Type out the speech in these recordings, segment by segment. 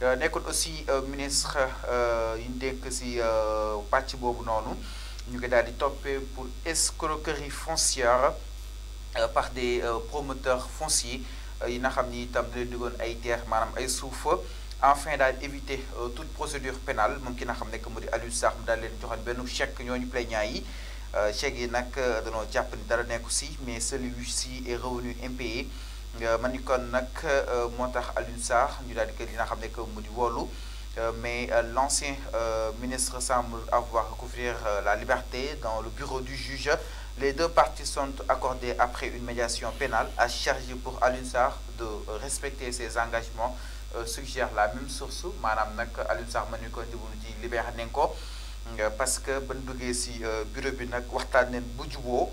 Euh, nekkoon aussi euh, ministre euh, yu ñu dénk si pàcc boobu noonu ñu ngi daal di toppee pour escroquerie foncière par des promoteurs fonciers yi nga xam ni itam da digoon ay terre maanaam ay suuf enfin daal éviter toute procédure pénale moom ki nga xam ne que mu di Aliou Sarr mu daal leen joxoon benn chèque ñooñu plaignant yi chèque yi nag danoo jàpp ni dara nekku si mais celui-ci est revenu impayé euh, ma ni kon nag euh, moo tax Alioune ñu dal di ko dina xamné ko mu di euh, mais l'ancien ministre semble avoir recouvrir la liberté dans le bureau du juge les deux parties sont accordées après une médiation pénale à charge pour Alioune de respecter ses engagements suggère la même source Madame nak Alioune Sarr ma ni ko diwul ko parce que Ben duggé ci bureau bi nak waxtaan neen bu juboo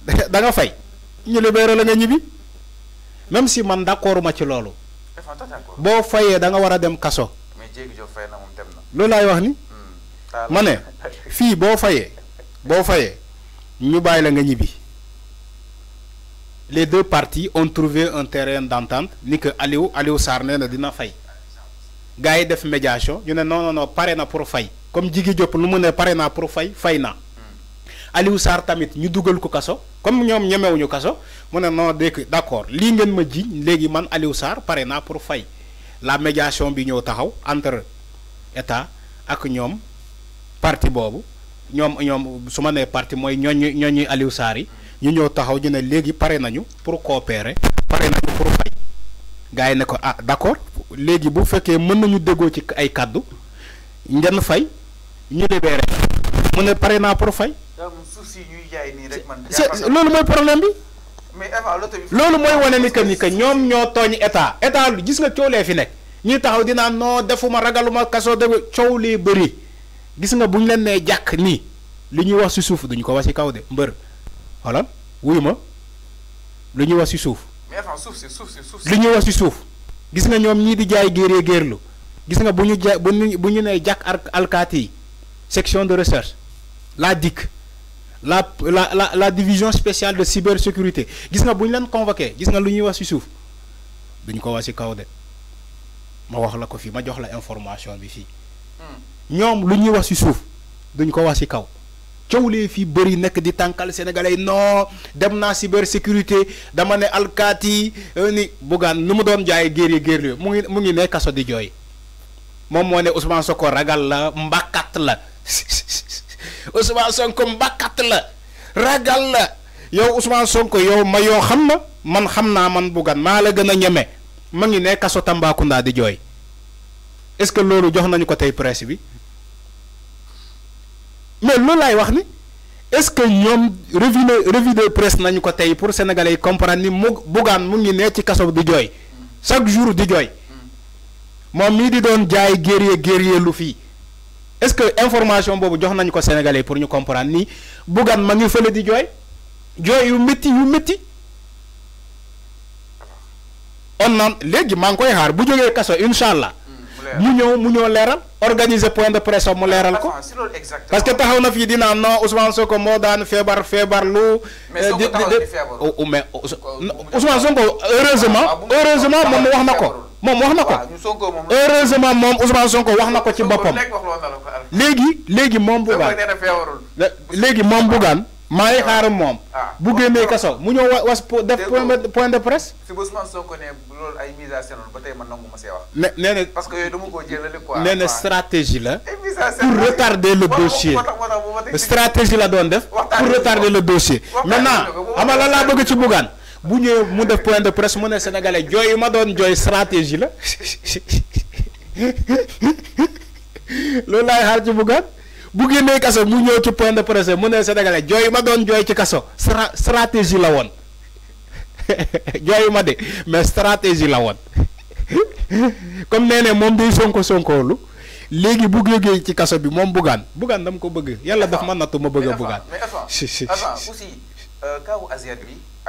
da nga fay ñu libéré la nga ñibi même si man d'accord ma ci lolu bo fayé da nga wara dem kasso mais fay na a dem na lolu lay wax ni. Hmm. mané fi bo fayé bo fayé ñu bàyyi la nga ñibi les deux parties ont trouvé un terrain d'entente ni que Aliou Aliou Sarr nee na dina fay gaay def médiation ñu né non non non pare na pour fay comme djigi djop lu mu né paré na pour fay fay na Aliou Sarr tamit ñu dugal ko kaso comme ñoom ñemewuñu kaso mu ne non dégg d'accord lii ngeen ma jiiñ léegi man Aliou Sarr pare naa pour fay la médiation bi ñëw taxaw entre état ak ñoom parti boobu ñoom ñoom su ma nee parti mooy ñooñu ñooñu Aliou Sarr yi ñu ñëw taxaw ñu ne léegi pare nañu pour coopérer pare nañu pour fay gars yi ne ko ah d'accord léegi bu fekkee mën nañu déggoo ci ay kàddu ngeen fay ñu libéré mu ne pare naa pour fay. suuf si ñuy nii rek man. loolu mooy problème bi. mais loolu mooy wane ni que ni que ñoom ñoo tooñ état état gis nga coow lee fi nekk ñuy taxaw dinaa noo defuma ragaluma kaso de coow lee bëri gis nga bu ñu leen nee jàkk nii li ñuy wax si suuf duñu ko wax si kaw de mbër xoolal ma lu ñuy wax si suuf. li ñuy wax ci suuf. gis nga ñoom ñii di jaay géeree géerlu gis nga bu ñu ja bu ñu bu ñu nee jàkk alkaati section de recherche la dikk la la la la division spéciale de cybersécurité gis nga bu ñu leen convoqué gis nga lu ñuy wax ci suuf duñ ko wax ci kaw de ma wax la ko fii ma jox la information bi fii hmm. ñoom lu ñuy wax ci suuf duñ ko wax ci kaw cawlee fii bëri nekk di tànkal sénégalais non dem naa cybersécurité dama ne alkaati euh, ni Bougane nu doon jaay géer yi géer ngi ngi ne kaso di jooy moom moo ne Ousmane Sonko ragal la mbàkkat la Ousmane Sonko mbàkkat la ragal la yow Ousmane sonk yow ma yoo xam na man xam naa man buggan maa la gën a ñeme ma ngi ne kaso Tambacounda di jooy est-ce que loolu jox nañu ko tey presse bi mais loolu laay wax ni est-ce que ñoom revue de revue de nañu ko tey pour sénégalais yi comprendre ni mu buggaan mu ngi ne ci kaso di jooy chaque jour di jooy moom mii di doon jaay guerrier guerrier lu fii est-ce que information bobu jox au ko sénégalais pour nous comprendre ni Bougane ma ngi le di joy joy yu metti yu on naan légui maa koy xaar bu jógee kasso inshallah Nous hmm, mu mu ñoo organiser point de presse mu léral ko. parce que taxaw na fi dina non Ousmane soko mo daan feebar Nous lu. mais Ousmane soko heureusement ah, heureusement mo wax moom wax na ko heureusement moom Ousmane Sonko wax na ko ci boppam o que moom Bougane ah. léegi moom Bougane maa ngi xaaral moom bu génnee kaso mu ñëw was def point de presse si Ousmane Sonko ne loolu ay mise à scène ba tey man nangu ma see wax ne nee na parce que yooyu dama ko jëlale quoi nee na stratégie la pour retarder le dossier stratégie la doon def pour retarder le dossier maintenant xam nga lan laa bëgg ci Bougane bu ñëwee mu def point de presse mu ne sénégalais jooy ma doon jooy stratégie la loolu laay xaar ci buggaan bu génnee kaso mu ñëw ci point de presse mu ne sénégalais jooy ma doon jooy ci kaso stra stratégie la woon jooyu ma de mais stratégie la woon comme nee ne moom day sonko sonkoolu léegi bu géegee ci kaso bi moom buggaan buggaan dam ko bëgg yàlla daf ma nattu ma bëgg a buggaan si si euh, bi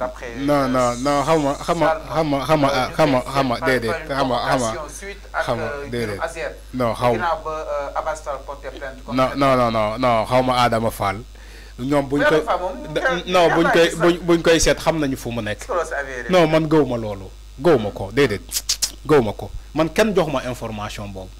d'après non non non xam ma xam ma xam ma xam ma xam ma xam ma déedéet xam ma xam ma xam ma déedéet non xaw ma non xaw ma Adama Fall ñoom buñ koy non buñ koy buñ buñ koy seet xam nañu fu mu nekk non man gëw loolu gëw ko déedéet gëw ma ko man kenn jox ma information boobu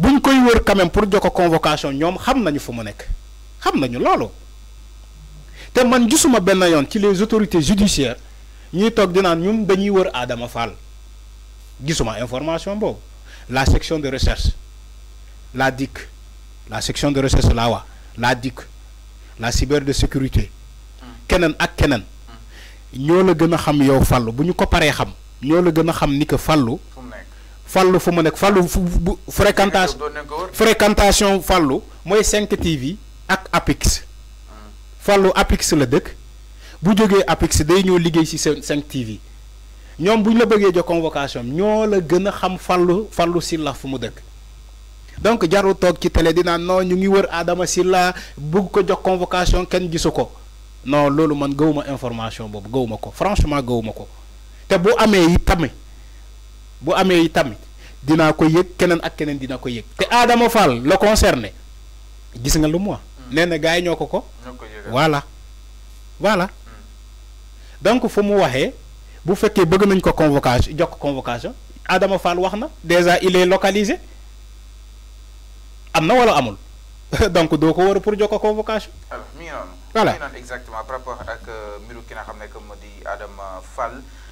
buñ koy wër quand même pour joko convocation ñom xam nañu fu mu nek xam nañu loolu man gisuma ben yoon ci les autorités judiciaires ñi tok di ñum dañuy wër Adama Fall gisuma information bo la section de recherche la DIC la section de recherche la wa la DIC la cyber de sécurité kenen ak kenen ñoo la gëna a xam yow Fallou bu ko paré xam ñoo la xam ni que fallu fu mu nekk fréquentation fréquentation fallu mooy 5 TV ak Apix fallu Apix la dëkk bu jógee Apix day ñëw liggéey ci 5 TV ñoom bu ñu la bëggee jox convocation ñoo la gën a xam Fallu fàllu Silla fu mu donc jarul toog ci télé dina non ñu ngi wër Adama Silla bëgg ko jox convocation kenn gisu non loolu man gëwuma information boobu gëwuma ko franchement gëwuma ko te bu amee yi tamit bu amee tamit dinaa ko yëg keneen ak keneen dina ko yëg te Adama Fall la concerné gis nga lu mu wax. Mm. nee na yi ñoo ko ko. voilà voilà. Mm. donc fu mu waxee bu fekkee bëgg nañ ko convocation jox ko convocation Adama Fall wax na déjà il est localisé am na wala amul donc doo ko war pour jox ko convocation. voilà exactement par rapport euh, ki nga xam ne que moo